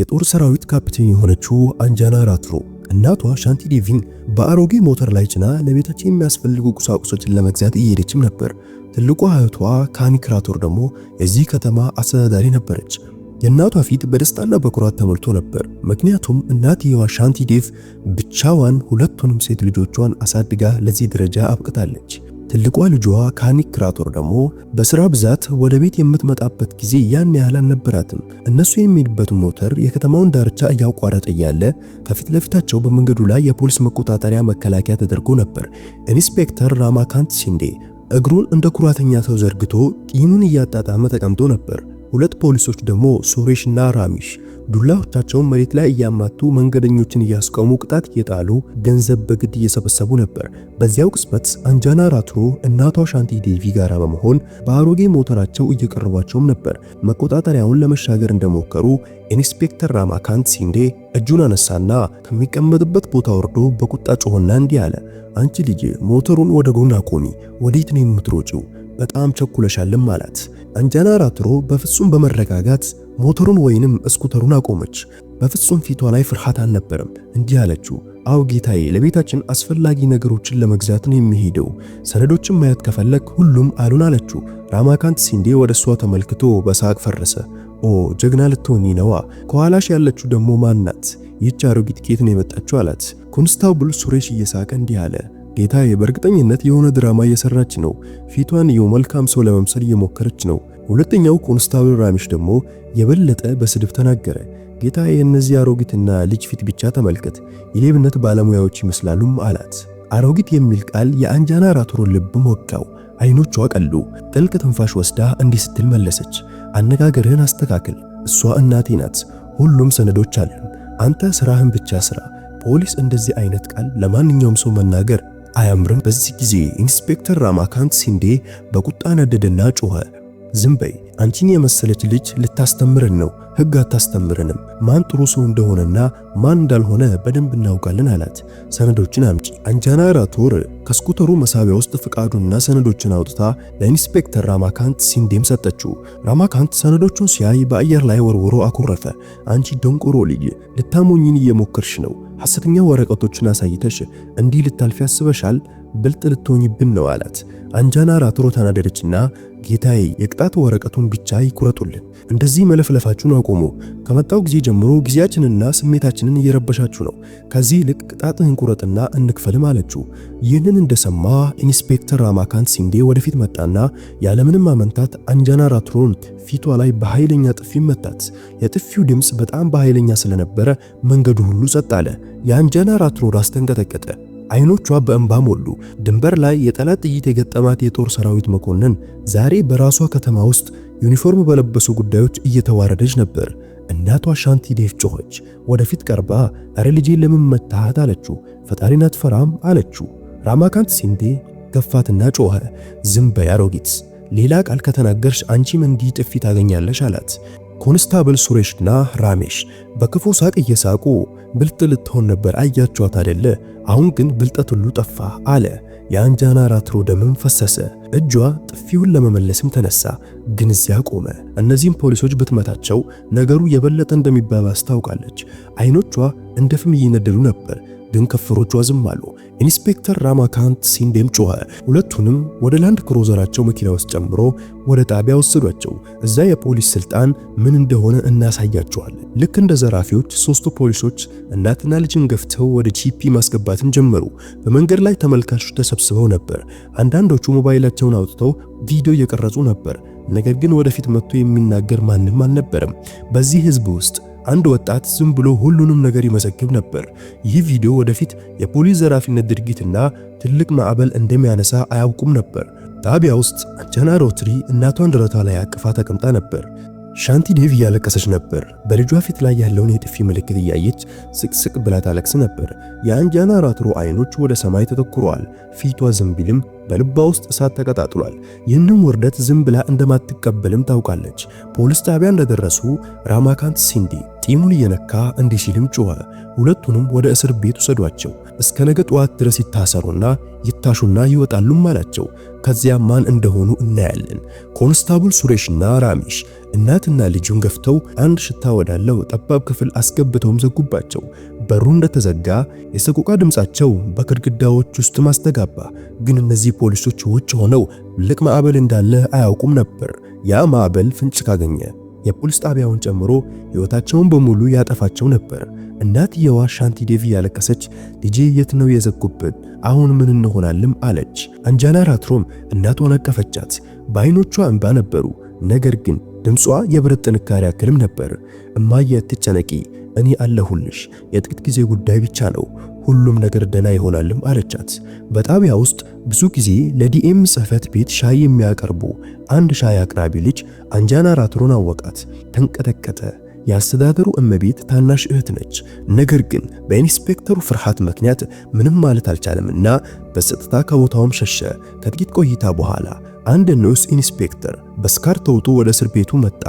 የጦር ሰራዊት ካፕቴን የሆነችው አንጃና ራትሮ እናቷ ሻንቲ ዴቪን በአሮጌ ሞተር ላይ ጭና ለቤታቸው የሚያስፈልጉ ቁሳቁሶችን ለመግዛት እየሄደችም ነበር። ትልቁ እህቷ ካኒክ ደግሞ የዚህ ከተማ አስተዳዳሪ ነበረች። የእናቷ ፊት በደስታና በኩራት ተሞልቶ ነበር። ምክንያቱም እናትየዋ ሻንቲ ዴቭ ብቻዋን ሁለቱንም ሴት ልጆቿን አሳድጋ ለዚህ ደረጃ አብቅታለች። ትልቋ ልጇ ካኒክ ክራቶር ደግሞ በስራ ብዛት ወደ ቤት የምትመጣበት ጊዜ ያን ያህል አልነበራትም። እነሱ የሚሄድበት ሞተር የከተማውን ዳርቻ እያቋረጠ እያለ ከፊት ለፊታቸው በመንገዱ ላይ የፖሊስ መቆጣጠሪያ መከላከያ ተደርጎ ነበር። ኢንስፔክተር ራማካንት ሲንዴ እግሩን እንደ ኩራተኛ ሰው ዘርግቶ ጢሙን እያጣጣመ ተቀምጦ ነበር። ሁለት ፖሊሶች ደግሞ ሱሬሽ እና ራሚሽ ዱላዎቻቸውን መሬት ላይ እያማቱ መንገደኞችን እያስቆሙ ቅጣት እየጣሉ ገንዘብ በግድ እየሰበሰቡ ነበር። በዚያው ቅጽበት አንጃና ራትሮ እናቷ ሻንቲ ዴቪ ጋራ በመሆን በአሮጌ ሞተራቸው እየቀረቧቸውም ነበር። መቆጣጠሪያውን ለመሻገር እንደሞከሩ ኢንስፔክተር ራማካንት ሲንዴ እጁን አነሳና ከሚቀመጥበት ቦታ ወርዶ በቁጣ ጮሆና እንዲህ አለ። አንቺ ልጅ ሞተሩን ወደ ጎን አቆሚ፣ ወዴት ነው የምትሮጪው? በጣም ቸኩለሻልም አላት። አንጃና ራትሮ በፍጹም በመረጋጋት ሞተሩን ወይንም እስኩተሩን አቆመች። በፍጹም ፊቷ ላይ ፍርሃት አልነበረም። እንዲህ አለችው፣ አው ጌታዬ፣ ለቤታችን አስፈላጊ ነገሮችን ለመግዛት ነው የሚሄደው። ሰነዶችን ማየት ከፈለግ ሁሉም አሉን አለችው። ራማካንት ሲንዴ ወደ እሷ ተመልክቶ በሳቅ ፈረሰ። ኦ ጀግና ልትሆኒ ነዋ። ከኋላሽ ያለችው ደግሞ ማናት? ናት? ይህች አሮጊት ነው የመጣችው? አላት። ኮንስታብል ሱሬሽ እየሳቀ እንዲህ አለ፣ ጌታዬ፣ በእርግጠኝነት የሆነ ድራማ እየሰራች ነው። ፊቷን የው መልካም ሰው ለመምሰል እየሞከረች ነው ሁለተኛው ኮንስታብል ራሚሽ ደግሞ የበለጠ በስድብ ተናገረ። ጌታ የእነዚህ አሮጊትና ልጅ ፊት ብቻ ተመልከት፣ የሌብነት ባለሙያዎች ይመስላሉም አላት። አሮጊት የሚል ቃል የአንጃና ራትሮ ልብ ወጋው። አይኖቿ ቀሉ። ጥልቅ ትንፋሽ ወስዳ እንዲህ ስትል መለሰች፣ አነጋገርህን አስተካክል። እሷ እናቴ ናት። ሁሉም ሰነዶች አሉ። አንተ ስራህን ብቻ ስራ። ፖሊስ እንደዚህ አይነት ቃል ለማንኛውም ሰው መናገር አያምርም። በዚህ ጊዜ ኢንስፔክተር ራማካንት ሲንዴ በቁጣ ነደደና ጮኸ። ዝም በይ አንቺን የመሰለች ልጅ ልታስተምረን ነው፣ ህግ አታስተምረንም። ማን ጥሩ ሰው እንደሆነና ማን እንዳልሆነ በደንብ እናውቃለን አላት። ሰነዶችን አምጪ። አንጃና ራቶር ከስኩተሩ መሳቢያ ውስጥ ፍቃዱንና ሰነዶችን አውጥታ ለኢንስፔክተር ራማካንት ሲንዴም ሰጠችው። ራማካንት ሰነዶቹን ሲያይ በአየር ላይ ወርውሮ አኮረፈ። አንቺ ደንቆሮ ልጅ ልታሞኝን እየሞከርሽ ነው። ሐሰተኛ ወረቀቶችን አሳይተሽ እንዲህ ልታልፊ ያስበሻል? ብልጥ ልትሆኝብን ነው አላት። አንጃና ራትሮ ተናደደችና ጌታዬ የቅጣት ወረቀቱን ብቻ ይቁረጡልን፣ እንደዚህ መለፍለፋችሁን አቆሙ። ከመጣው ጊዜ ጀምሮ ጊዜያችንንና ስሜታችንን እየረበሻችሁ ነው። ከዚህ ይልቅ ቅጣትህን ቁረጥና እንክፈልም አለችው። ይህንን እንደሰማ ኢንስፔክተር ራማካንት ሲንዴ ወደፊት መጣና ያለምንም አመንታት አንጃና ራትሮን ፊቷ ላይ በኃይለኛ ጥፊ መታት። የጥፊው ድምፅ በጣም በኃይለኛ ስለነበረ መንገዱ ሁሉ ጸጥ አለ። የአንጃና ራትሮ ራስ ተንቀጠቀጠ። አይኖቿ በእንባ ሞሉ። ድንበር ላይ የጠላት ጥይት የገጠማት የጦር ሰራዊት መኮንን ዛሬ በራሷ ከተማ ውስጥ ዩኒፎርም በለበሱ ጉዳዮች እየተዋረደች ነበር። እናቷ ሻንቲ ዴቭ ጮኸች። ወደፊት ቀርባ እረ ለምን መታሃት አለችው። ፈጣሪን አትፈራም አለችው። ራማካንት ሲንዴ ገፋትና ጮኸ፣ ዝም በይ አሮጊት፣ ሌላ ቃል ከተናገርሽ አንቺ እንዲህ ጥፊ ታገኛለሽ አላት። ኮንስታብል ሱሬሽና ራሜሽ በክፉ ሳቅ እየሳቁ ብልጥ ልትሆን ነበር አያችኋት አደለ? አሁን ግን ብልጠት ሁሉ ጠፋ አለ። የአንጃና ራትሮ ደምም ፈሰሰ። እጇ ጥፊውን ለመመለስም ተነሳ፣ ግን እዚያ ቆመ። እነዚህም ፖሊሶች ብትመታቸው ነገሩ የበለጠ እንደሚባባስ ታውቃለች። አይኖቿ እንደ ፍም እየነደዱ ነበር። ግን ከፈሮቹ ዝም አሉ። ኢንስፔክተር ራማካንት ሲንዴም ጮኸ። ሁለቱንም ወደ ላንድ ክሩዘራቸው መኪና ውስጥ ጨምሮ ወደ ጣቢያ ወሰዷቸው። እዛ የፖሊስ ስልጣን ምን እንደሆነ እናሳያቸዋለን። ልክ እንደ ዘራፊዎች ሶስቱ ፖሊሶች እናትና ልጅን ገፍተው ወደ ጂፒ ማስገባትን ጀመሩ። በመንገድ ላይ ተመልካቾች ተሰብስበው ነበር። አንዳንዶቹ ሞባይላቸውን አውጥተው ቪዲዮ እየቀረጹ ነበር። ነገር ግን ወደፊት መጥቶ የሚናገር ማንም አልነበረም። በዚህ ህዝብ ውስጥ አንድ ወጣት ዝም ብሎ ሁሉንም ነገር ይመሰክብ ነበር። ይህ ቪዲዮ ወደፊት የፖሊስ ዘራፊነት ድርጊትና ትልቅ ማዕበል እንደሚያነሳ አያውቁም ነበር። ጣቢያ ውስጥ አንጀና ሮትሪ እናቷን ደረቷ ላይ አቅፋ ተቀምጣ ነበር። ሻንቲ ዴቭ እያለቀሰች ነበር። በልጇ ፊት ላይ ያለውን የጥፊ ምልክት እያየች ስቅስቅ ብላ ታለቅስ ነበር። የአንጃና ራትሮ አይኖች ወደ ሰማይ ተተኩረዋል። ፊቷ ዝም በልባ ውስጥ እሳት ተቀጣጥሏል። ይህንን ውርደት ዝም ብላ እንደማትቀበልም ታውቃለች። ፖሊስ ጣቢያ እንደደረሱ ራማካንት ሲንዲ ጢሙን እየነካ እንዲህ ሲልም ጮኸ፣ ሁለቱንም ወደ እስር ቤት ውሰዷቸው፣ እስከ ነገ ጠዋት ድረስ ይታሰሩና ይታሹና ይወጣሉም አላቸው። ከዚያ ማን እንደሆኑ እናያለን። ኮንስታብል ሱሬሽና ራሚሽ እናትና ልጁን ገፍተው አንድ ሽታ ወዳለው ጠባብ ክፍል አስገብተውም ዘጉባቸው። በሩ እንደተዘጋ የሰቆቃ ድምፃቸው በግድግዳዎች ውስጥ ማስተጋባ። ግን እነዚህ ፖሊሶች ውጭ ሆነው ትልቅ ማዕበል እንዳለ አያውቁም ነበር። ያ ማዕበል ፍንጭ ካገኘ የፖሊስ ጣቢያውን ጨምሮ ሕይወታቸውን በሙሉ ያጠፋቸው ነበር። እናትየዋ ሻንቲ ዴቪ ያለቀሰች ልጄ የት ነው የዘጉብን? አሁን ምን እንሆናልም? አለች። አንጃና ራትሮም እናቷን አቀፈቻት። በዓይኖቿ እንባ ነበሩ፣ ነገር ግን ድምጿ የብረት ጥንካሬ አክልም ነበር። እማዬ አትጨነቂ እኔ አለሁልሽ፣ የጥቂት ጊዜ ጉዳይ ብቻ ነው፣ ሁሉም ነገር ደና ይሆናልም አለቻት። በጣቢያ ውስጥ ብዙ ጊዜ ለዲኤም ጽህፈት ቤት ሻይ የሚያቀርቡ አንድ ሻይ አቅራቢ ልጅ አንጃና ራትሮን አወቃት። ተንቀጠቀጠ። የአስተዳደሩ እመቤት ታናሽ እህት ነች። ነገር ግን በኢንስፔክተሩ ፍርሃት ምክንያት ምንም ማለት አልቻለምና በጸጥታ ከቦታውም ሸሸ። ከጥቂት ቆይታ በኋላ አንድ ንዑስ ኢንስፔክተር በስካር ተውጦ ወደ እስር ቤቱ መጣ።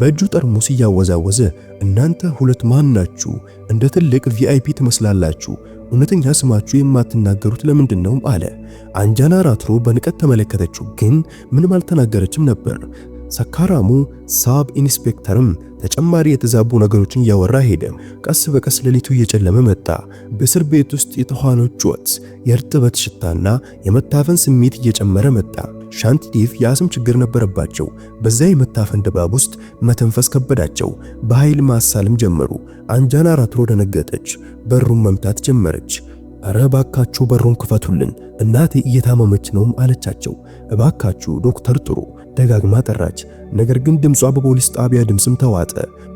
በእጁ ጠርሙስ እያወዛወዘ እናንተ ሁለት ማን ናችሁ? እንደ ትልቅ ቪአይፒ ትመስላላችሁ። እውነተኛ ስማችሁ የማትናገሩት ለምንድን ነው? አለ። አንጃና ራትሮ በንቀት ተመለከተችው፣ ግን ምንም አልተናገረችም ነበር። ሰካራሙ ሳብ ኢንስፔክተርም ተጨማሪ የተዛቡ ነገሮችን እያወራ ሄደ። ቀስ በቀስ ሌሊቱ እየጨለመ መጣ። በእስር ቤት ውስጥ የተኋኖች ጩኸት፣ የእርጥበት ሽታና የመታፈን ስሜት እየጨመረ መጣ። ሻንቲሌቭ የአስም ችግር ነበረባቸው። በዛ የመታፈን ድባብ ውስጥ መተንፈስ ከበዳቸው። በኃይል ማሳልም ጀመሩ። አንጃን አራትሮ ደነገጠች። በሩን መምታት ጀመረች። እረ እባካችሁ በሩን ክፈቱልን፣ እናቴ እየታመመች ነውም አለቻቸው። እባካችሁ ዶክተር ጥሩ ደጋግማ ጠራች። ነገር ግን ድምጿ በፖሊስ ጣቢያ ድምፅም ተዋጠ።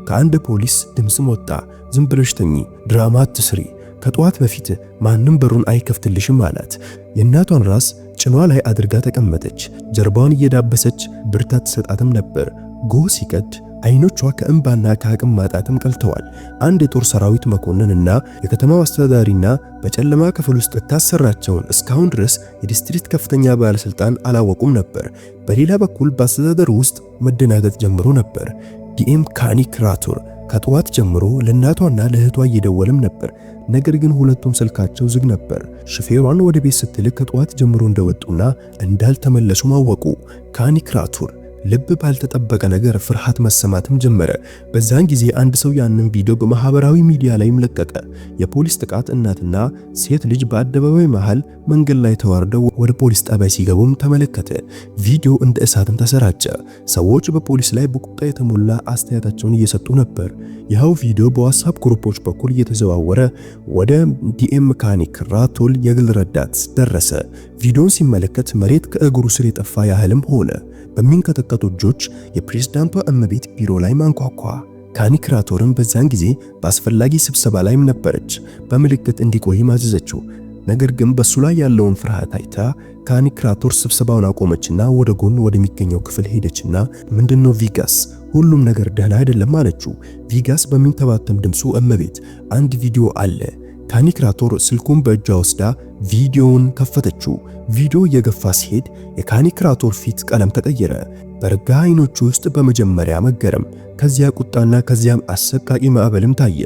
ከአንድ ፖሊስ ድምፅም ወጣ፣ ዝም ብለሽ ተኚ፣ ድራማ አትስሪ ከጠዋት በፊት ማንም በሩን አይከፍትልሽም አላት። የእናቷን ራስ ጭኗ ላይ አድርጋ ተቀመጠች። ጀርባዋን እየዳበሰች ብርታት ትሰጣትም ነበር። ጎ ሲቀድ አይኖቿ ከእንባና ከአቅም ማጣትም ቀልተዋል። አንድ የጦር ሰራዊት መኮንንና የከተማው አስተዳዳሪና በጨለማ ክፍል ውስጥ የታሰራቸውን እስካሁን ድረስ የዲስትሪክት ከፍተኛ ባለስልጣን አላወቁም ነበር። በሌላ በኩል በአስተዳደር ውስጥ መደናገጥ ጀምሮ ነበር። ዲኤም ካኒ ክራቱር ከጠዋት ጀምሮ ለእናቷና ለእህቷ እየደወለም ነበር። ነገር ግን ሁለቱም ስልካቸው ዝግ ነበር። ሹፌሯን ወደ ቤት ስትልክ ከጠዋት ጀምሮ እንደወጡና እንዳልተመለሱ ማወቁ ካኒክራቱር ልብ ባልተጠበቀ ነገር ፍርሃት መሰማትም ጀመረ። በዛን ጊዜ አንድ ሰው ያንን ቪዲዮ በማህበራዊ ሚዲያ ላይም ለቀቀ። የፖሊስ ጥቃት እናትና ሴት ልጅ በአደባባይ መሃል መንገድ ላይ ተዋርደው ወደ ፖሊስ ጣቢያ ሲገቡም ተመለከተ። ቪዲዮ እንደ እሳትም ተሰራጨ። ሰዎች በፖሊስ ላይ በቁጣ የተሞላ አስተያየታቸውን እየሰጡ ነበር። ይኸው ቪዲዮ በዋትስአፕ ግሩፖች በኩል እየተዘዋወረ ወደ ዲኤም መካኒክ ራቶል የግል ረዳት ደረሰ። ቪዲዮን ሲመለከት መሬት ከእግሩ ስር የጠፋ ያህልም ሆነ። በሚንቀጠቀጡ እጆች የፕሬዝዳንቷ እመቤት ቢሮ ላይ ማንኳኳ። ካኒ ክራቶርም በዛን ጊዜ በአስፈላጊ ስብሰባ ላይም ነበረች። በምልክት እንዲቆይ ማዘዘችው። ነገር ግን በሱ ላይ ያለውን ፍርሃት አይታ ካኒ ክራቶር ስብሰባውን አቆመችና ወደ ጎን ወደሚገኘው ክፍል ሄደችና ምንድነው ቪጋስ ሁሉም ነገር ደህና አይደለም አለችው። ቪጋስ በሚንተባተም ድምፁ እመቤት አንድ ቪዲዮ አለ ካኒክራቶር ስልኩን በእጇ ወስዳ ቪዲዮውን ከፈተችው። ቪዲዮ እየገፋ ሲሄድ የካኒክራቶር ፊት ቀለም ተቀየረ። በርጋ አይኖቹ ውስጥ በመጀመሪያ መገረም፣ ከዚያ ቁጣና ከዚያም አሰቃቂ ማዕበልም ታየ።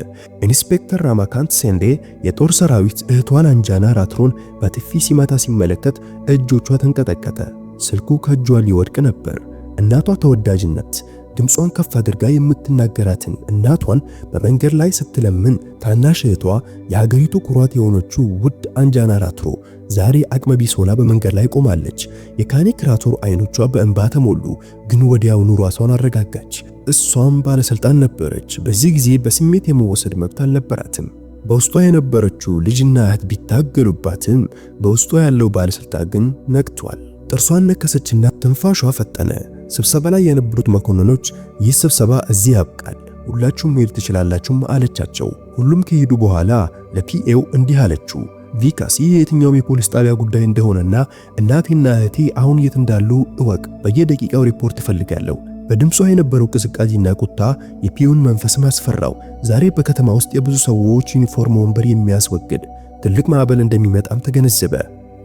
ኢንስፔክተር ራማካንት ሴንዴ የጦር ሰራዊት እህቷን አንጃና ራትሮን በጥፊ ሲመታ ሲመለከት እጆቿ ተንቀጠቀጠ። ስልኩ ከእጇ ሊወድቅ ነበር። እናቷ ተወዳጅነት ድምጿን ከፍ አድርጋ የምትናገራትን እናቷን በመንገድ ላይ ስትለምን ታናሽ እህቷ የሀገሪቱ ኩራት የሆነችው ውድ አንጃና ራትሮ ዛሬ አቅመ ሆና በመንገድ ላይ ቆማለች። የካኔ ክራቶር አይኖቿ በእንባ ተሞሉ፣ ግን ወዲያውኑ ራሷን አረጋጋች። እሷም ባለስልጣን ነበረች። በዚህ ጊዜ በስሜት የመወሰድ መብት አልነበራትም። በውስጧ የነበረችው ልጅና እህት ቢታገሉባትም በውስጧ ያለው ባለሥልጣን ግን ነቅቷል። ጥርሷን ነከሰችና ትንፋሿ ፈጠነ። ስብሰባ ላይ የነበሩት መኮንኖች ይህ ስብሰባ እዚህ ያብቃል፣ ሁላችሁም መሄድ ትችላላችሁም አለቻቸው። ሁሉም ከሄዱ በኋላ ለፒኤው እንዲህ አለችው። ቪካስ ይህ የትኛውም የፖሊስ ጣቢያ ጉዳይ እንደሆነና እናቴና እህቴ አሁን የት እንዳሉ እወቅ። በየደቂቃው ሪፖርት እፈልጋለሁ። በድምጿ የነበረው ቅዝቃዜና ቁጣ የፒውን መንፈስ አስፈራው። ዛሬ በከተማ ውስጥ የብዙ ሰዎች ዩኒፎርም ወንበር የሚያስወግድ ትልቅ ማዕበል እንደሚመጣም ተገነዘበ።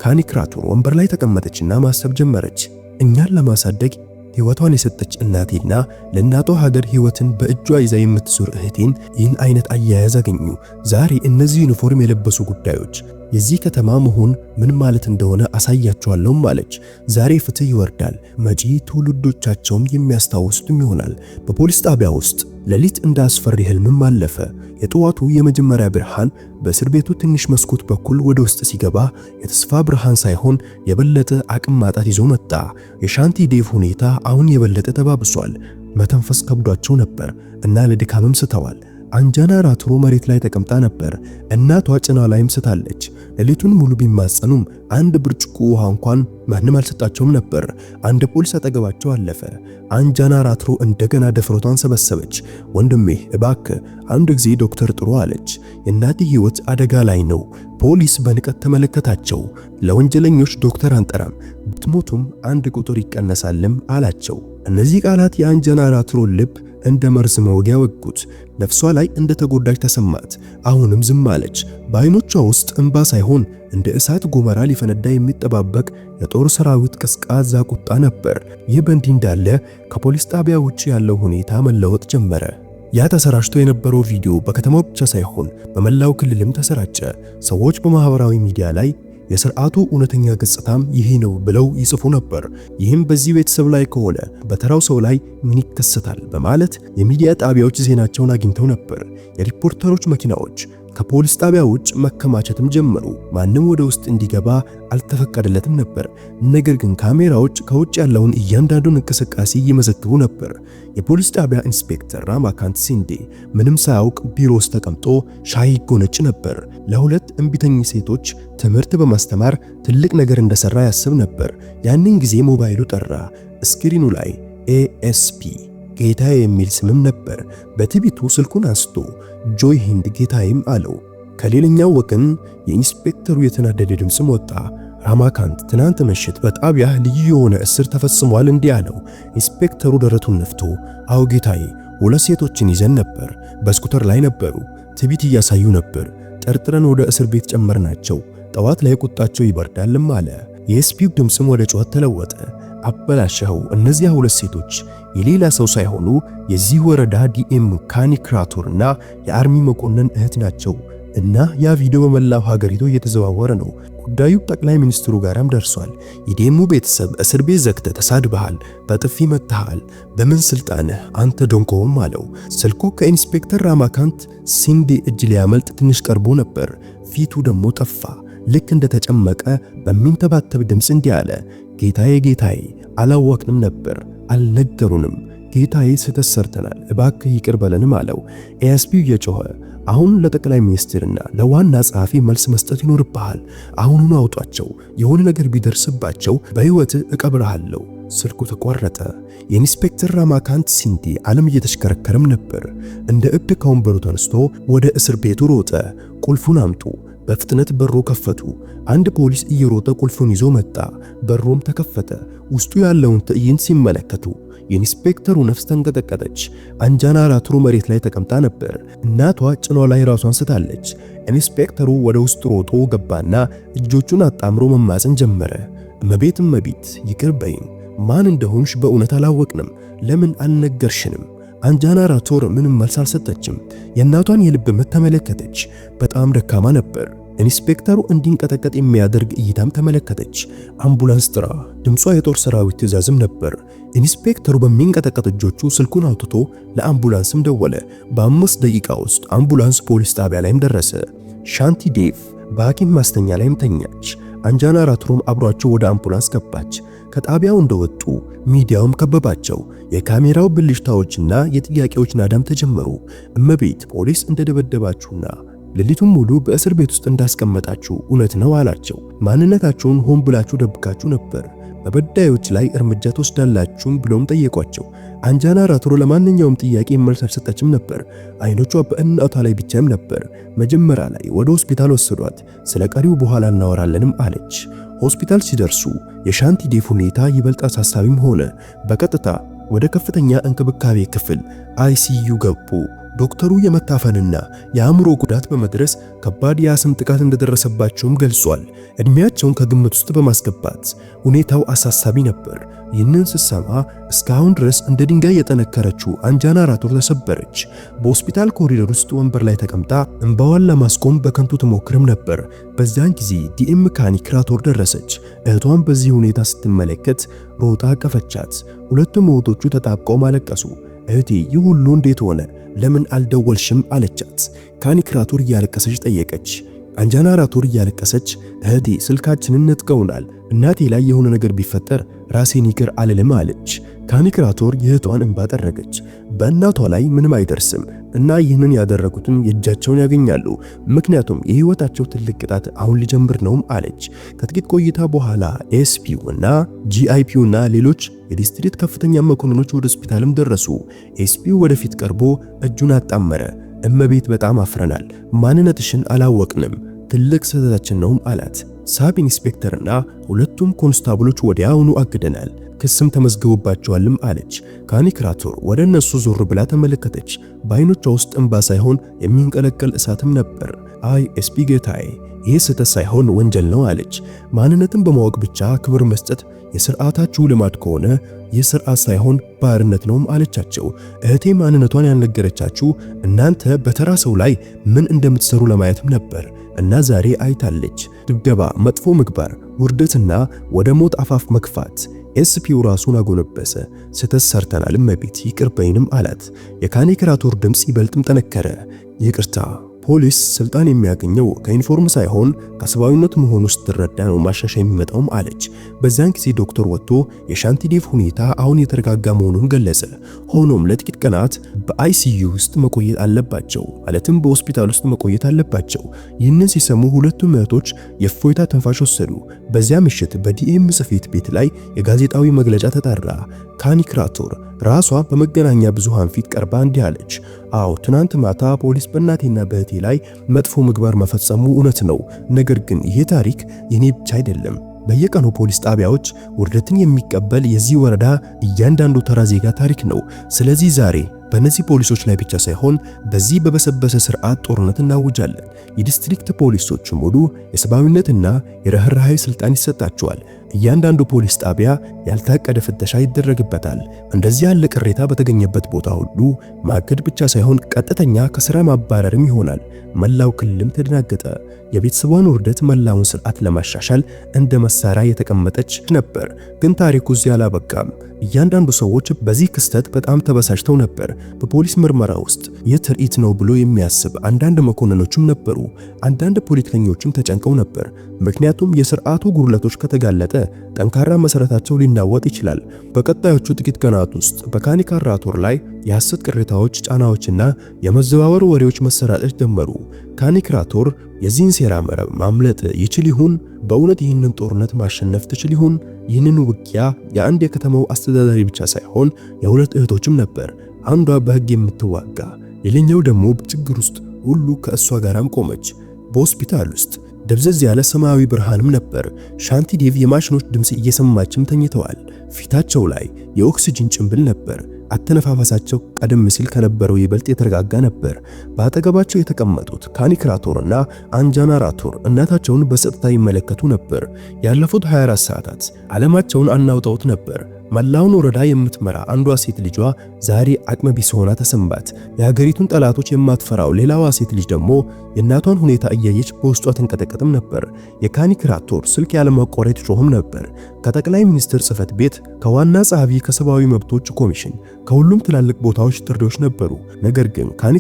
ካኒክራቱር ወንበር ላይ ተቀመጠችና ማሰብ ጀመረች። እኛን ለማሳደግ ሕይወቷን የሰጠች እናቴና ለእናቷ ሀገር ሕይወትን በእጇ ይዛ የምትዞር እህቴን ይህን አይነት አያያዝ አገኙ። ዛሬ እነዚህ ዩኒፎርም የለበሱ ጉዳዮች የዚህ ከተማ መሆን ምን ማለት እንደሆነ አሳያቸዋለሁም አለች። ዛሬ ፍትህ ይወርዳል፣ መጪ ትውልዶቻቸውም የሚያስታውሱትም ይሆናል። በፖሊስ ጣቢያ ውስጥ ሌሊት እንደ አስፈሪ ህልምም አለፈ። የጥዋቱ የመጀመሪያ ብርሃን በእስር ቤቱ ትንሽ መስኮት በኩል ወደ ውስጥ ሲገባ የተስፋ ብርሃን ሳይሆን የበለጠ አቅም ማጣት ይዞ መጣ። የሻንቲ ዴቭ ሁኔታ አሁን የበለጠ ተባብሷል። መተንፈስ ከብዷቸው ነበር እና ለድካምም ስተዋል። አንጃና ራትሮ መሬት ላይ ተቀምጣ ነበር። እናቷ ጭና ላይም ስታለች። ሌሊቱን ሙሉ ቢማጸኑም አንድ ብርጭቆ ውሃ እንኳን ማንም አልሰጣቸውም ነበር። አንድ ፖሊስ አጠገባቸው አለፈ። አንጃና ራትሮ እንደገና ደፍሮቷን ሰበሰበች። ወንድሜ እባክ አንድ ጊዜ ዶክተር ጥሩ አለች። የእናቴ ህይወት አደጋ ላይ ነው። ፖሊስ በንቀት ተመለከታቸው። ለወንጀለኞች ዶክተር አንጠራም፣ ብትሞቱም አንድ ቁጥር ይቀነሳልም አላቸው። እነዚህ ቃላት የአንጃና ራትሮ ልብ እንደ መርዝ መውጊያ ወጉት። ነፍሷ ላይ እንደ ተጎዳች ተሰማት። አሁንም ዝም አለች። በዓይኖቿ ውስጥ እንባ ሳይሆን እንደ እሳት ጎመራ ሊፈነዳ የሚጠባበቅ የጦር ሰራዊት ቀዝቃዛ ቁጣ ነበር። ይህ በእንዲህ እንዳለ ከፖሊስ ጣቢያ ውጭ ያለው ሁኔታ መለወጥ ጀመረ። ያ ተሰራጭቶ የነበረው ቪዲዮ በከተማው ብቻ ሳይሆን በመላው ክልልም ተሰራጨ። ሰዎች በማህበራዊ ሚዲያ ላይ የስርዓቱ እውነተኛ ገጽታም ይሄ ነው ብለው ይጽፉ ነበር። ይህም በዚህ ቤተሰብ ላይ ከሆነ በተራው ሰው ላይ ምን ይከሰታል በማለት የሚዲያ ጣቢያዎች ዜናቸውን አግኝተው ነበር። የሪፖርተሮች መኪናዎች ከፖሊስ ጣቢያ ውጭ መከማቸትም ጀመሩ። ማንም ወደ ውስጥ እንዲገባ አልተፈቀደለትም ነበር። ነገር ግን ካሜራዎች ከውጭ ያለውን እያንዳንዱን እንቅስቃሴ ይመዘግቡ ነበር። የፖሊስ ጣቢያ ኢንስፔክተር ራማካንት ሲንዴ ምንም ሳያውቅ ቢሮ ውስጥ ተቀምጦ ሻይ ይጎነጭ ነበር። ለሁለት እምቢተኝ ሴቶች ትምህርት በማስተማር ትልቅ ነገር እንደሰራ ያስብ ነበር። ያንን ጊዜ ሞባይሉ ጠራ። ስክሪኑ ላይ ኤኤስፒ ጌታ የሚል ስምም ነበር። በትቢቱ ስልኩን አንስቶ ጆይ ሂንድ ጌታይም አለው። ከሌላኛው ወገን የኢንስፔክተሩ የተናደደ ድምፅም ወጣ። ራማካንት ትናንት ምሽት በጣቢያ ልዩ የሆነ እስር ተፈጽሟል እንዲህ አለው። ኢንስፔክተሩ ደረቱን ነፍቶ አዎ ጌታዬ፣ ሁለት ሴቶችን ይዘን ነበር። በስኩተር ላይ ነበሩ። ትቢት እያሳዩ ነበር። ጠርጥረን ወደ እስር ቤት ጨመርናቸው። ጠዋት ላይ ቁጣቸው ይበርዳልም አለ። የኤስፒው ድምፅም ወደ ጩኸት ተለወጠ። አበላሸኸው። እነዚያ ሁለት ሴቶች የሌላ ሰው ሳይሆኑ የዚህ ወረዳ ዲኤም ካኒ ክራቶርና የአርሚ መኮንን እህት ናቸው። እና ያ ቪዲዮ በመላው ሀገሪቱ እየተዘዋወረ ነው። ጉዳዩ ጠቅላይ ሚኒስትሩ ጋርም ደርሷል። የዲኤሙ ቤተሰብ እስር ቤት ዘግተ ተሳድበሃል፣ በጥፊ መትሃል፣ በምን ስልጣንህ አንተ ደንቆም አለው። ስልኩ ከኢንስፔክተር ራማካንት ሲንዲ እጅ ሊያመልጥ ትንሽ ቀርቦ ነበር። ፊቱ ደግሞ ጠፋ። ልክ እንደተጨመቀ በሚንተባተብ ድምፅ እንዲህ አለ፣ ጌታዬ ጌታዬ አላወቅንም ነበር አልነገሩንም፣ ጌታዬ ስህተት ሰርተናል፣ እባክህ ይቅር በለንም አለው። ኤኤስፒው እየጮኸ አሁን ለጠቅላይ ሚኒስትርና ለዋና ጸሐፊ መልስ መስጠት ይኖርብሃል። አሁኑን አውጧቸው። የሆነ ነገር ቢደርስባቸው በሕይወት እቀብርሃለሁ። ስልኩ ተቋረጠ። የኢንስፔክተር ራማካንት ሲንዲ ዓለም እየተሽከረከረም ነበር። እንደ እብድ ከወንበሩ ተነስቶ ወደ እስር ቤቱ ሮጠ። ቁልፉን አምጡ በፍጥነት በሮ ከፈቱ። አንድ ፖሊስ እየሮጠ ቁልፉን ይዞ መጣ። በሮም ተከፈተ። ውስጡ ያለውን ትዕይንት ሲመለከቱ የኢንስፔክተሩ ነፍስ ተንቀጠቀጠች። አንጃና ላትሮ መሬት ላይ ተቀምጣ ነበር። እናቷ ጭኗ ላይ ራሷን ስታለች። ኢንስፔክተሩ ወደ ውስጥ ሮጦ ገባና እጆቹን አጣምሮ መማፀን ጀመረ። እመቤት እመቤት፣ ይቅር በይን። ማን እንደሆንሽ በእውነት አላወቅንም። ለምን አልነገርሽንም? አንጃና ራቶር ምንም መልስ አልሰጠችም። የእናቷን የልብ ምት ተመለከተች። በጣም ደካማ ነበር። ኢንስፔክተሩ እንዲንቀጠቀጥ የሚያደርግ እይታም ተመለከተች። አምቡላንስ ጥራ፣ ድምጿ የጦር ሰራዊት ትዛዝም ነበር። ኢንስፔክተሩ በሚንቀጠቀጥ እጆቹ ስልኩን አውጥቶ ለአምቡላንስም ደወለ። በአምስት ደቂቃ ውስጥ አምቡላንስ ፖሊስ ጣቢያ ላይም ደረሰ። ሻንቲ ዴቭ በሐኪም ማስተኛ ላይም ተኛች። አንጃና ራትሮም አብሯቸው ወደ አምቡላንስ ገባች። ከጣቢያው እንደወጡ ሚዲያውም ከበባቸው። የካሜራው ብልሽታዎችና የጥያቄዎች ናዳም ተጀመሩ። እመቤት ፖሊስ እንደደበደባችሁና ሌሊቱም ሙሉ በእስር ቤት ውስጥ እንዳስቀመጣችሁ እውነት ነው አላቸው። ማንነታችሁን ሆን ብላችሁ ደብቃችሁ ነበር፣ በበዳዮች ላይ እርምጃ ትወስዳላችሁም ብለውም ጠየቋቸው። ራትሮ ለማንኛውም ጥያቄ መልስ አልሰጠችም ነበር። አይኖቿ በእናቷ ላይ ብቻም ነበር። መጀመሪያ ላይ ወደ ሆስፒታል ወሰዷት። ስለ ቀሪው በኋላ እናወራለንም አለች። ሆስፒታል ሲደርሱ የሻንቲዴፍ ሁኔታ ይበልጥ አሳሳቢም ሆነ። በቀጥታ ወደ ከፍተኛ እንክብካቤ ክፍል አይሲዩ ገቡ። ዶክተሩ የመታፈንና የአእምሮ ጉዳት በመድረስ ከባድ የአስም ጥቃት እንደደረሰባቸውም ገልጿል። እድሜያቸውን ከግምት ውስጥ በማስገባት ሁኔታው አሳሳቢ ነበር። ይህንን ስሰማ እስካሁን ድረስ እንደ ድንጋይ የጠነከረችው አንጃና ራቶር ተሰበረች። በሆስፒታል ኮሪደር ውስጥ ወንበር ላይ ተቀምጣ እንባዋን ለማስቆም በከንቱ ትሞክርም ነበር። በዚያን ጊዜ ዲኤም ካኒክ ራቶር ደረሰች። እህቷን በዚህ ሁኔታ ስትመለከት ሮጣ አቀፈቻት። ሁለቱም እህቶቹ ተጣብቀው አለቀሱ። እህቴ ይህ ሁሉ እንዴት ሆነ? ለምን አልደወልሽም አለቻት። ካኒክራቱር እያለቀሰች ጠየቀች። አንጃናራቱር እያለቀሰች እህቴ ስልካችንን ነጥቀውናል፣ እናቴ ላይ የሆነ ነገር ቢፈጠር ራሴን ይቅር አልልም አለች። ካኒክራቱር የእህቷን እንባ ጠረገች። በእናቷ ላይ ምንም አይደርስም እና ይህንን ያደረጉትም የእጃቸውን ያገኛሉ፣ ምክንያቱም የህይወታቸው ትልቅ ቅጣት አሁን ሊጀምር ነውም አለች። ከጥቂት ቆይታ በኋላ ኤስፒው እና ጂአይፒው እና ሌሎች የዲስትሪክት ከፍተኛ መኮንኖች ወደ ሆስፒታልም ደረሱ። ኤስፒው ወደፊት ቀርቦ እጁን አጣመረ። እመቤት በጣም አፍረናል፣ ማንነትሽን አላወቅንም፣ ትልቅ ስህተታችን ነውም አላት። ሳብ ኢንስፔክተርና ሁለቱም ኮንስታብሎች ወዲያውኑ አግደናል። ክስም ተመዝግቦባቸዋልም አለች። ካኒክራቶር ወደ እነሱ ዞር ብላ ተመለከተች። በአይኖቿ ውስጥ እንባ ሳይሆን የሚንቀለቀል እሳትም ነበር። አይ ኤስፒ ጌታዬ፣ ይህ ስህተት ሳይሆን ወንጀል ነው አለች። ማንነትን በማወቅ ብቻ ክብር መስጠት የስርዓታችሁ ልማድ ከሆነ ይህ ስርዓት ሳይሆን ባርነት ነውም አለቻቸው። እህቴ ማንነቷን ያልነገረቻችሁ እናንተ በተራ ሰው ላይ ምን እንደምትሰሩ ለማየትም ነበር እና ዛሬ አይታለች። ድብደባ፣ መጥፎ ምግባር፣ ውርደትና ወደ ሞት አፋፍ መግፋት ኤስፒው ራሱን አጎነበሰ። ስህተት ሰርተናል እመቤት ይቅር በይንም አላት። የካኔክራቶር ድምፅ ይበልጥም ጠነከረ። ይቅርታ ፖሊስ ስልጣን የሚያገኘው ከዩኒፎርም ሳይሆን ከሰብአዊነት መሆኑ ስትረዳ ነው ማሻሻ የሚመጣውም አለች። በዚያን ጊዜ ዶክተር ወጥቶ የሻንቲዴፍ ሁኔታ አሁን የተረጋጋ መሆኑን ገለጸ። ሆኖም ለጥቂት ቀናት በአይሲዩ ውስጥ መቆየት አለባቸው፣ ማለትም በሆስፒታል ውስጥ መቆየት አለባቸው። ይህንን ሲሰሙ ሁለቱም እህቶች የእፎይታ ትንፋሽ ወሰዱ። በዚያ ምሽት በዲኤም ጽሕፈት ቤት ላይ የጋዜጣዊ መግለጫ ተጣራ። ካኒክራቶር ራሷ በመገናኛ ብዙሃን ፊት ቀርባ እንዲህ አለች። አዎ ትናንት ማታ ፖሊስ በእናቴና በእህቴ ላይ መጥፎ ምግባር መፈጸሙ እውነት ነው። ነገር ግን ይሄ ታሪክ የኔ ብቻ አይደለም። በየቀኑ ፖሊስ ጣቢያዎች ውርደትን የሚቀበል የዚህ ወረዳ እያንዳንዱ ተራ ዜጋ ታሪክ ነው። ስለዚህ ዛሬ በእነዚህ ፖሊሶች ላይ ብቻ ሳይሆን በዚህ በበሰበሰ ስርዓት ጦርነት እናውጃለን። የዲስትሪክት ፖሊሶች ሙሉ የሰብአዊነትና የርህራሄ ስልጣን ይሰጣቸዋል። እያንዳንዱ ፖሊስ ጣቢያ ያልታቀደ ፍተሻ ይደረግበታል። እንደዚህ ያለ ቅሬታ በተገኘበት ቦታ ሁሉ ማገድ ብቻ ሳይሆን ቀጥተኛ ከስራ ማባረርም ይሆናል። መላው ክልልም ተደናገጠ። የቤተሰቧን ውርደት መላውን ስርዓት ለማሻሻል እንደ መሳሪያ የተቀመጠች ነበር። ግን ታሪኩ እዚህ አላበቃም። እያንዳንዱ ሰዎች በዚህ ክስተት በጣም ተበሳጭተው ነበር። በፖሊስ ምርመራ ውስጥ ይህ ትርኢት ነው ብሎ የሚያስብ አንዳንድ መኮንኖችም ነበሩ። አንዳንድ ፖለቲከኞችም ተጨንቀው ነበር። ምክንያቱም የስርዓቱ ጉድለቶች ከተጋለጠ ጠንካራ መሰረታቸው ሊናወጥ ይችላል። በቀጣዮቹ ጥቂት ቀናት ውስጥ በካኒካራቶር ላይ የሐሰት ቅሬታዎች፣ ጫናዎችና የመዘዋወር ወሬዎች መሰራጨት ጀመሩ። ካኒክራቶር የዚህን ሴራ መረብ ማምለጥ ይችል ይሁን? በእውነት ይህንን ጦርነት ማሸነፍ ትችል ይሁን? ይህንን ውጊያ የአንድ የከተማው አስተዳዳሪ ብቻ ሳይሆን የሁለት እህቶችም ነበር። አንዷ በሕግ የምትዋጋ ሌላኛው ደግሞ በችግር ውስጥ ሁሉ ከእሷ ጋራም ቆመች። በሆስፒታል ውስጥ ደብዘዝ ያለ ሰማያዊ ብርሃንም ነበር። ሻንቲዴቭ የማሽኖች ድምፅ እየሰማችም ተኝተዋል። ፊታቸው ላይ የኦክስጂን ጭንብል ነበር። አተነፋፋሳቸው ቀደም ሲል ከነበረው ይበልጥ የተረጋጋ ነበር። በአጠገባቸው የተቀመጡት ካኒክራቶርና አንጃናራቶር እናታቸውን በጸጥታ ይመለከቱ ነበር። ያለፉት 24 ሰዓታት ዓለማቸውን አናውጠውት ነበር። መላውን ወረዳ የምትመራ አንዷ ሴት ልጇ ዛሬ አቅመ ቢስ ሆና ተሰማት። የሀገሪቱን ጠላቶች የማትፈራው ሌላዋ ሴት ልጅ ደግሞ የእናቷን ሁኔታ እያየች በውስጧ ትንቀጠቀጥም ነበር። የካኒ ስልክ ያለማቋረጥ ጮህም ነበር። ከጠቅላይ ሚኒስትር ጽህፈት ቤት፣ ከዋና ጸሐፊ፣ ከሰብአዊ መብቶች ኮሚሽን፣ ከሁሉም ትላልቅ ቦታዎች ጥሪዎች ነበሩ። ነገር ግን ካኒ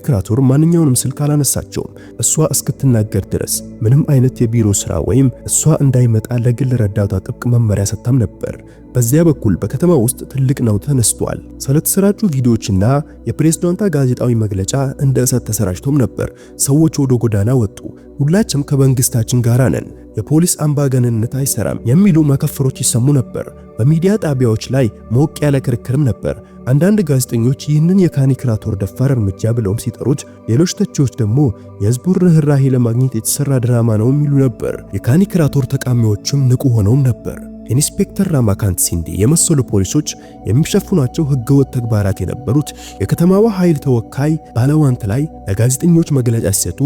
ማንኛውንም ስልክ አላነሳቸውም። እሷ እስክትናገር ድረስ ምንም አይነት የቢሮ ስራ ወይም እሷ እንዳይመጣ ለግል ረዳቷ ጥብቅ መመሪያ ሰጥታም ነበር። በዚያ በኩል በከተማ ውስጥ ትልቅ ነው ተነስቷል። ስለተሰራጩ ቪዲዮዎችና የፕሬዝዳንቷ ጋዜጣዊ መግለጫ እንደ እሳት ተሰራጭቶም ነበር። ሰዎች ወደ ጎዳና ወጡ። ሁላችም ከመንግስታችን ጋር ነን፣ የፖሊስ አምባገነንነት አይሰራም የሚሉ መፈክሮች ይሰሙ ነበር። በሚዲያ ጣቢያዎች ላይ ሞቅ ያለ ክርክርም ነበር። አንዳንድ ጋዜጠኞች ይህንን የካኒክራቶር ደፋር እርምጃ ብለውም ሲጠሩት፣ ሌሎች ተቺዎች ደግሞ የህዝቡ ርህራሄ ለማግኘት የተሰራ ድራማ ነው የሚሉ ነበር። የካኒክራቶር ተቃሚዎችም ንቁ ሆነውም ነበር። ኢንስፔክተር ራማካንት ሲንዴ የመሰሉ ፖሊሶች የሚሸፍኗቸው ህገወጥ ተግባራት የነበሩት የከተማዋ ኃይል ተወካይ ባለዋንት ላይ ለጋዜጠኞች መግለጫ ሲሰጡ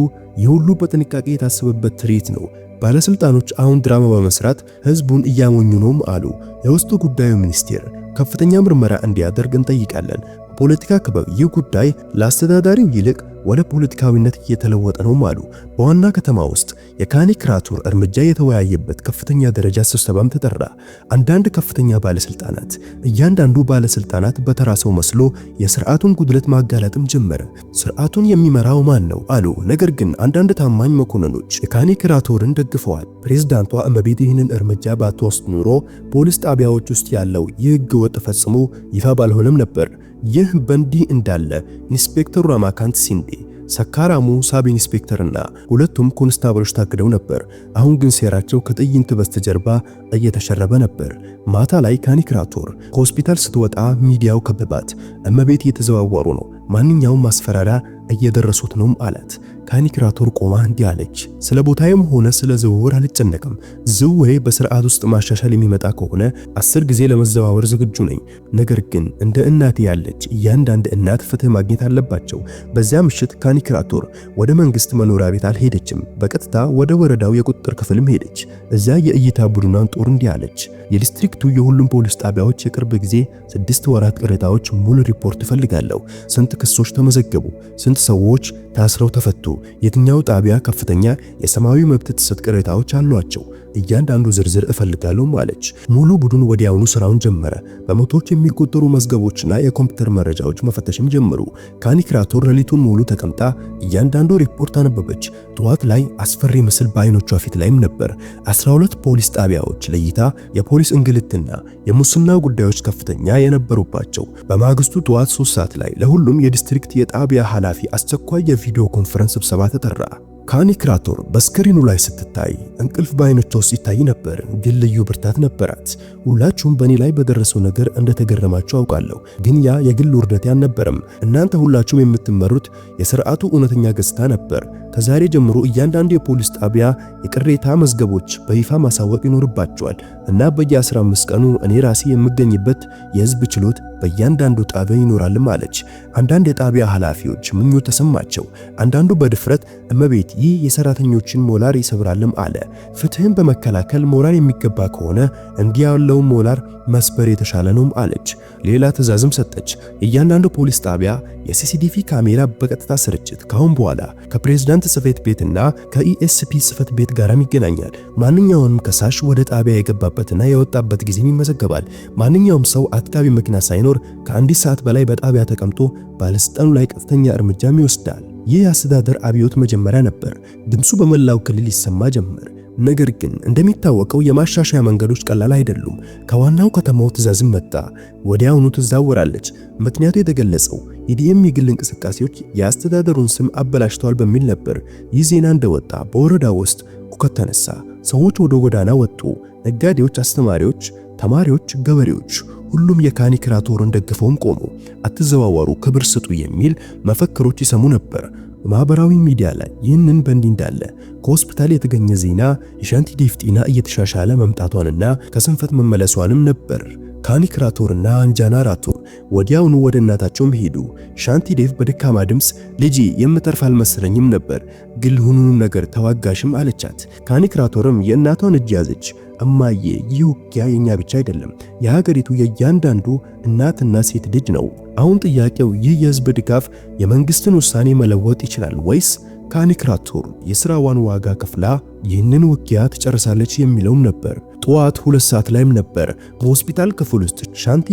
የሁሉ በጥንቃቄ የታሰበበት ትርኢት ነው። ባለስልጣኖች አሁን ድራማ በመስራት ህዝቡን እያሞኙ ነውም አሉ። የውስጥ ጉዳዩ ሚኒስቴር ከፍተኛ ምርመራ እንዲያደርግ እንጠይቃለን። ፖለቲካ ክበብ ይህ ጉዳይ ለአስተዳዳሪው ይልቅ ወደ ፖለቲካዊነት እየተለወጠ ነው አሉ። በዋና ከተማ ውስጥ የካኒ ክራቱር እርምጃ የተወያየበት ከፍተኛ ደረጃ ስብሰባም ተጠራ። አንዳንድ ከፍተኛ ባለስልጣናት እያንዳንዱ ባለስልጣናት በተራ ሰው መስሎ የስርዓቱን ጉድለት ማጋለጥም ጀመረ። ስርዓቱን የሚመራው ማን ነው አሉ። ነገር ግን አንዳንድ ታማኝ መኮንኖች የካኒ ክራቱርን ደግፈዋል። ፕሬዝዳንቷ እመቤት ይህንን እርምጃ ባትወስድ ኑሮ ፖሊስ ጣቢያዎች ውስጥ ያለው ይህ ወጥ ፈጽሞ ይፋ ባልሆነም ነበር። ይህ በእንዲህ እንዳለ ኢንስፔክተሩ ራማካንት ሲንዴ ሰካራሙ ሳብ ኢንስፔክተርና ሁለቱም ኮንስታብሎች ታግደው ነበር። አሁን ግን ሴራቸው ከትዕይንት በስተጀርባ እየተሸረበ ነበር። ማታ ላይ ካኒክራቶር ከሆስፒታል ስትወጣ ሚዲያው ከበባት። እመቤት እየተዘዋወሩ ነው። ማንኛውም ማስፈራሪያ እየደረሱት ነው አላት። ካኒክራቶር ቆማ እንዲህ አለች፣ ስለ ቦታዬም ሆነ ስለ ዝውውር አልጨነቅም። ዝውውሬ በስርዓት ውስጥ ማሻሻል የሚመጣ ከሆነ አስር ጊዜ ለመዘዋወር ዝግጁ ነኝ። ነገር ግን እንደ እናቴ ያለች እያንዳንድ እናት ፍትህ ማግኘት አለባቸው። በዚያ ምሽት ካኒክራቶር ወደ መንግስት መኖሪያ ቤት አልሄደችም። በቀጥታ ወደ ወረዳው የቁጥጥር ክፍልም ሄደች። እዚያ የእይታ ቡድኗን ጦር እንዲህ አለች፣ የዲስትሪክቱ የሁሉም ፖሊስ ጣቢያዎች የቅርብ ጊዜ ስድስት ወራት ቅሬታዎች ሙሉ ሪፖርት እፈልጋለሁ። ስንት ክሶች ተመዘገቡ? Instituto de Saúde ታስረው ተፈቱ። የትኛው ጣቢያ ከፍተኛ የሰብአዊ መብት ጥሰት ቅሬታዎች አሏቸው? እያንዳንዱ ዝርዝር እፈልጋለሁ ማለች። ሙሉ ቡድን ወዲያውኑ ስራውን ጀመረ። በመቶዎች የሚቆጠሩ መዝገቦችና የኮምፒውተር መረጃዎች መፈተሽም ጀመሩ። ካኒክራቶር ሌሊቱን ሙሉ ተቀምጣ እያንዳንዱ ሪፖርት አነበበች። ጠዋት ላይ አስፈሪ ምስል በአይኖቿ ፊት ላይም ነበር። 12 ፖሊስ ጣቢያዎች ለይታ የፖሊስ እንግልትና የሙስና ጉዳዮች ከፍተኛ የነበሩባቸው። በማግስቱ ጠዋት 3 ሰዓት ላይ ለሁሉም የዲስትሪክት የጣቢያ ኃላፊ አስቸኳይ የቪዲዮ ኮንፈረንስ ስብሰባ ተጠራ። ካኒ ክራቶር በስክሪኑ ላይ ስትታይ እንቅልፍ በአይኖቿ ውስጥ ይታይ ነበር፣ ግን ልዩ ብርታት ነበራት። ሁላችሁም በእኔ ላይ በደረሰው ነገር እንደተገረማችሁ አውቃለሁ፣ ግን ያ የግል ውርደቴ አልነበረም። እናንተ ሁላችሁም የምትመሩት የስርዓቱ እውነተኛ ገጽታ ነበር። ከዛሬ ጀምሮ እያንዳንዱ የፖሊስ ጣቢያ የቅሬታ መዝገቦች በይፋ ማሳወቅ ይኖርባቸዋል እና በየ15 ቀኑ እኔ ራሴ የምገኝበት የህዝብ ችሎት በእያንዳንዱ ጣቢያ ይኖራልም አለች። አንዳንድ የጣቢያ ኃላፊዎች ምኞ ተሰማቸው። አንዳንዱ በድፍረት እመቤት፣ ይህ የሰራተኞችን ሞላር ይሰብራልም አለ። ፍትህን በመከላከል ሞራል የሚገባ ከሆነ እንዲህ ያለውን ሞላር መስበር የተሻለ ነውም አለች። ሌላ ትዕዛዝም ሰጠች። የእያንዳንዱ ፖሊስ ጣቢያ የሲሲቲቪ ካሜራ በቀጥታ ስርጭት ካሁን በኋላ ከፕሬዝዳንት ከፕሬዝዳንት ጽሕፈት ቤትና ከኢኤስፒ ጽፈት ቤት ጋርም ይገናኛል። ማንኛውንም ከሳሽ ወደ ጣቢያ የገባበትና የወጣበት ጊዜም ይመዘገባል። ማንኛውም ሰው አጥጋቢ መኪና ሳይኖር ከአንዲት ሰዓት በላይ በጣቢያ ተቀምጦ ባለስልጣኑ ላይ ቀጥተኛ እርምጃም ይወስዳል። ይህ የአስተዳደር አብዮት መጀመሪያ ነበር። ድምፁ በመላው ክልል ይሰማ ጀመር። ነገር ግን እንደሚታወቀው የማሻሻያ መንገዶች ቀላል አይደሉም። ከዋናው ከተማው ትዕዛዝም መጣ። ወዲያውኑ ትዛወራለች። ምክንያቱ የተገለጸው ኢዲኤም የግል እንቅስቃሴዎች የአስተዳደሩን ስም አበላሽተዋል በሚል ነበር ይህ ዜና እንደወጣ በወረዳ ውስጥ ሁከት ተነሳ። ሰዎች ወደ ጎዳና ወጡ። ነጋዴዎች፣ አስተማሪዎች፣ ተማሪዎች፣ ገበሬዎች ሁሉም የካኒ ክራቶርን ደግፈውም ቆሙ። አትዘዋወሩ፣ ክብር ስጡ የሚል መፈክሮች ይሰሙ ነበር። በማህበራዊ ሚዲያ ላይ ይህንን በእንዲህ እንዳለ ከሆስፒታል የተገኘ ዜና የሻንቲ ዴፍጢና እየተሻሻለ መምጣቷንና ከስንፈት መመለሷንም ነበር። አንጃና አንጃናራቶር ወዲያውኑ ወደ እናታቸው ሄዱ። ዴቭ በደካማ ድምፅ ልጄ የምተርፍ አልመሰለኝም ነበር፣ ግን ሁሉንም ነገር ተዋጋሽም አለቻት። ካኒክራቶርም የእናቷን እጅ ያዘች። እማዬ፣ ይህ ውጊያ የኛ ብቻ አይደለም፣ የሀገሪቱ የእያንዳንዱ እናትና ሴት ልጅ ነው። አሁን ጥያቄው ይህ የህዝብ ድጋፍ የመንግስትን ውሳኔ መለወጥ ይችላል ወይስ ካኒክራቶር የስራዋን ዋጋ ከፍላ ይህንን ውጊያ ትጨርሳለች የሚለውም ነበር። ጠዋት ሁለት ሰዓት ላይም ነበር በሆስፒታል ክፍል ውስጥ ሻንቲ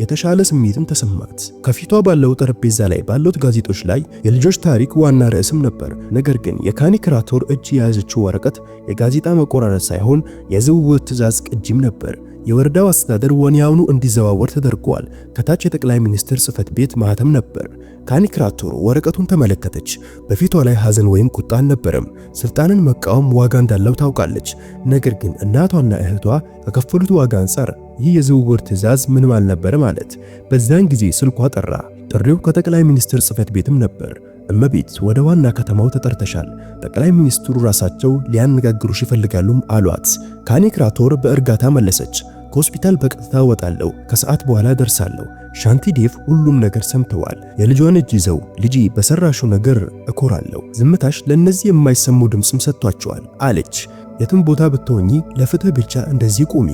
የተሻለ ስሜትን ተሰማት። ከፊቷ ባለው ጠረጴዛ ላይ ባሉት ጋዜጦች ላይ የልጆች ታሪክ ዋና ርዕስም ነበር። ነገር ግን ክራቶር እጅ የያዘችው ወረቀት የጋዜጣ መቆራረጥ ሳይሆን የዝውውር ትዕዛዝ ቅጂም ነበር። የወረዳው አስተዳደር ወዲያውኑ እንዲዘዋወር ተደርጓል። ከታች የጠቅላይ ሚኒስትር ጽህፈት ቤት ማህተም ነበር። ካኒክራቶሮ ወረቀቱን ተመለከተች። በፊቷ ላይ ሐዘን ወይም ቁጣ አልነበረም። ስልጣንን መቃወም ዋጋ እንዳለው ታውቃለች። ነገር ግን እናቷና እህቷ ከከፈሉት ዋጋ አንጻር ይህ የዝውውር ትዕዛዝ ምንም አልነበረ ማለት። በዚያን ጊዜ ስልኳ ጠራ። ጥሪው ከጠቅላይ ሚኒስትር ጽህፈት ቤትም ነበር። እመቤት ወደ ዋና ከተማው ተጠርተሻል። ጠቅላይ ሚኒስትሩ ራሳቸው ሊያነጋግሩሽ ይፈልጋሉም አሏት። ካኒክራቶር በእርጋታ መለሰች። ከሆስፒታል በቀጥታ እወጣለሁ። ከሰዓት በኋላ ደርሳለሁ። ዴፍ ሁሉም ነገር ሰምተዋል። የልጇን እጅ ይዘው ልጂ በሰራሽው ነገር እኮራለሁ። ዝምታሽ ለእነዚህ የማይሰሙ ድምፅም ሰጥቷቸዋል አለች። የትም ቦታ ብትሆኚ ለፍትህ ብቻ እንደዚህ ቁሚ።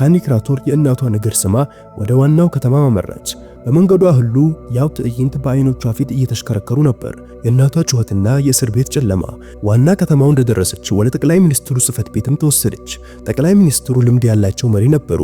ካኒክራቶር የእናቷ ነገር ስማ ወደ ዋናው ከተማ አመራች። በመንገዷ ሁሉ ያው ትዕይንት በአይኖቿ ፊት እየተሽከረከሩ ነበር። የእናቷ ጩኸትና የእስር ቤት ጨለማ። ዋና ከተማው እንደደረሰች ወደ ጠቅላይ ሚኒስትሩ ጽሕፈት ቤትም ተወሰደች። ጠቅላይ ሚኒስትሩ ልምድ ያላቸው መሪ ነበሩ።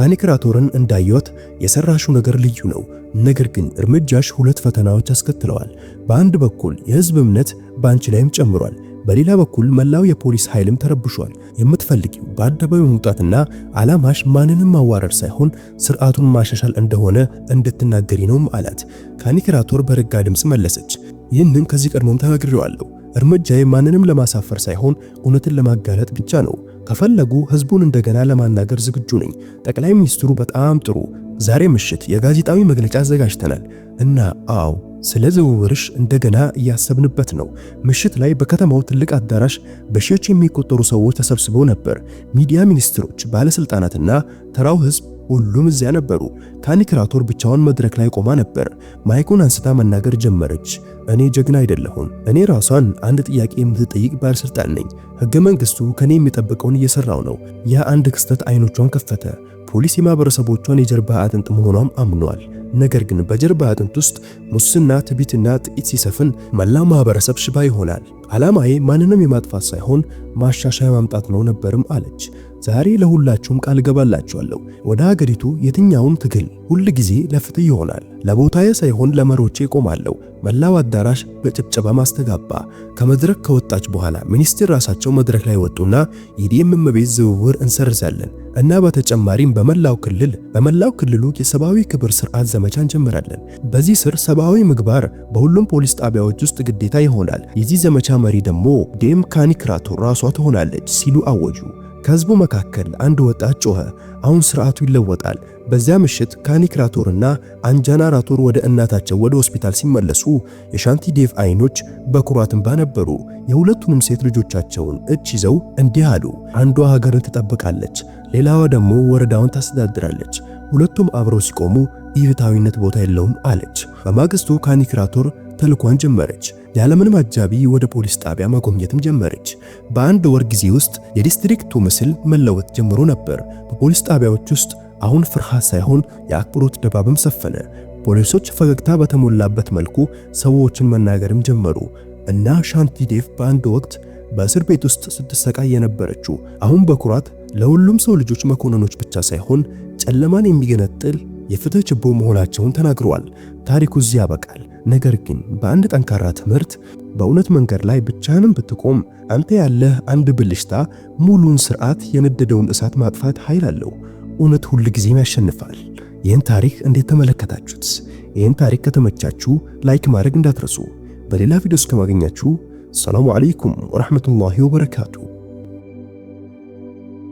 ካኒክራቶርን እንዳዩት የሰራሹ ነገር ልዩ ነው፣ ነገር ግን እርምጃሽ ሁለት ፈተናዎች አስከትለዋል። በአንድ በኩል የህዝብ እምነት በአንቺ ላይም ጨምሯል በሌላ በኩል መላው የፖሊስ ኃይልም ተረብሿል። የምትፈልጊው በአደባባይ መውጣትና ዓላማሽ ማንንም ማዋረድ ሳይሆን ስርዓቱን ማሻሻል እንደሆነ እንድትናገሪ ነውም አላት። ካኒክራቶር በረጋ ድምፅ መለሰች። ይህንን ከዚህ ቀድሞም ተናግሬዋለሁ። እርምጃዬ ማንንም ለማሳፈር ሳይሆን እውነትን ለማጋለጥ ብቻ ነው። ከፈለጉ ህዝቡን እንደገና ለማናገር ዝግጁ ነኝ። ጠቅላይ ሚኒስትሩ በጣም ጥሩ። ዛሬ ምሽት የጋዜጣዊ መግለጫ አዘጋጅተናል እና አዎ ስለ ዝውውርሽ እንደገና እያሰብንበት ነው። ምሽት ላይ በከተማው ትልቅ አዳራሽ በሺዎች የሚቆጠሩ ሰዎች ተሰብስበው ነበር። ሚዲያ፣ ሚኒስትሮች፣ ባለስልጣናትና ተራው ህዝብ ሁሉም እዚያ ነበሩ። ታኒ ክራቶር ብቻውን መድረክ ላይ ቆማ ነበር። ማይኩን አንስታ መናገር ጀመረች። እኔ ጀግና አይደለሁም። እኔ ራሷን አንድ ጥያቄ የምትጠይቅ ባለስልጣን ነኝ። ህገ መንግስቱ ከኔ የሚጠብቀውን እየሰራው ነው። ያ አንድ ክስተት አይኖቿን ከፈተ። ፖሊስ የማህበረሰቦቿን የጀርባ አጥንት መሆኗም አምኗል። ነገር ግን በጀርባ አጥንት ውስጥ ሙስና፣ ትቢትና ጥቂት ሲሰፍን መላው ማህበረሰብ ሽባ ይሆናል። ዓላማዬ ማንንም የማጥፋት ሳይሆን ማሻሻያ ማምጣት ነው ነበርም አለች። ዛሬ ለሁላችሁም ቃል ገባላችኋለሁ። ወደ ሀገሪቱ የትኛውም ትግል ሁል ጊዜ ለፍትህ ይሆናል። ለቦታዬ ሳይሆን ለመሮቼ ቆማለሁ። መላው አዳራሽ በጭብጨባ ማስተጋባ። ከመድረክ ከወጣች በኋላ ሚኒስትር ራሳቸው መድረክ ላይ ወጡና የዲኤም እመቤት ዝውውር እንሰርዛለን እና በተጨማሪም በመላው ክልል በመላው ክልሉ የሰብአዊ ክብር ስርዓት ዘመቻ እንጀምራለን። በዚህ ስር ሰብአዊ ምግባር በሁሉም ፖሊስ ጣቢያዎች ውስጥ ግዴታ ይሆናል። የዚህ ዘመቻ መሪ ደግሞ ዴም ካኒክራቶ ራሷ ትሆናለች ሲሉ አወጁ። ከህዝቡ መካከል አንድ ወጣት ጮኸ፣ አሁን ስርዓቱ ይለወጣል። በዚያ ምሽት ካኒክራቶርና አንጃናራቶር ወደ እናታቸው ወደ ሆስፒታል ሲመለሱ ዴቭ አይኖች በኩራት እንባ ነበሩ። የሁለቱንም ሴት ልጆቻቸውን እጅ ይዘው እንዲህ አሉ። አንዷ ሀገርን ትጠብቃለች፣ ሌላዋ ደግሞ ወረዳውን ታስተዳድራለች። ሁለቱም አብረው ሲቆሙ ኢፍትሐዊነት ቦታ የለውም አለች። በማግስቱ ካኒክራቶር ተልኳን ጀመረች። ያለምንም አጃቢ ወደ ፖሊስ ጣቢያ መጎብኘትም ጀመረች። በአንድ ወር ጊዜ ውስጥ የዲስትሪክቱ ምስል መለወጥ ጀምሮ ነበር። በፖሊስ ጣቢያዎች ውስጥ አሁን ፍርሃት ሳይሆን የአክብሮት ድባብም ሰፈነ። ፖሊሶች ፈገግታ በተሞላበት መልኩ ሰዎችን መናገርም ጀመሩ እና ሻንቲ ዴቭ በአንድ ወቅት በእስር ቤት ውስጥ ስትሰቃይ የነበረችው አሁን በኩራት ለሁሉም ሰው ልጆች መኮንኖች ብቻ ሳይሆን ጨለማን የሚገነጥል የፍትህ ችቦ መሆናቸውን ተናግረዋል። ታሪኩ እዚህ ያበቃል። ነገር ግን በአንድ ጠንካራ ትምህርት በእውነት መንገድ ላይ ብቻህንም ብትቆም አንተ ያለህ አንድ ብልሽታ ሙሉን ስርዓት የነደደውን እሳት ማጥፋት ኃይል አለው። እውነት ሁል ጊዜም ያሸንፋል። ይህን ታሪክ እንዴት ተመለከታችሁት? ይህን ታሪክ ከተመቻችሁ ላይክ ማድረግ እንዳትረሱ። በሌላ ቪዲዮ እስከማገኛችሁ ሰላሙ አለይኩም ወራህመቱላሂ ወበረካቱ።